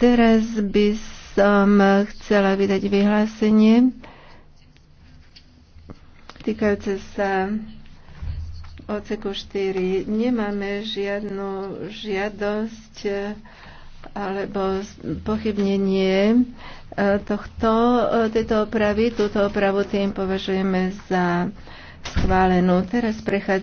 Teraz by som chcela vydať vyhlásenie týkajúce sa oceku 4. Nemáme žiadnu žiadosť alebo pochybnenie e, tohto, tejto opravy. Túto opravu tým považujeme za schválenú. Teraz prechádzame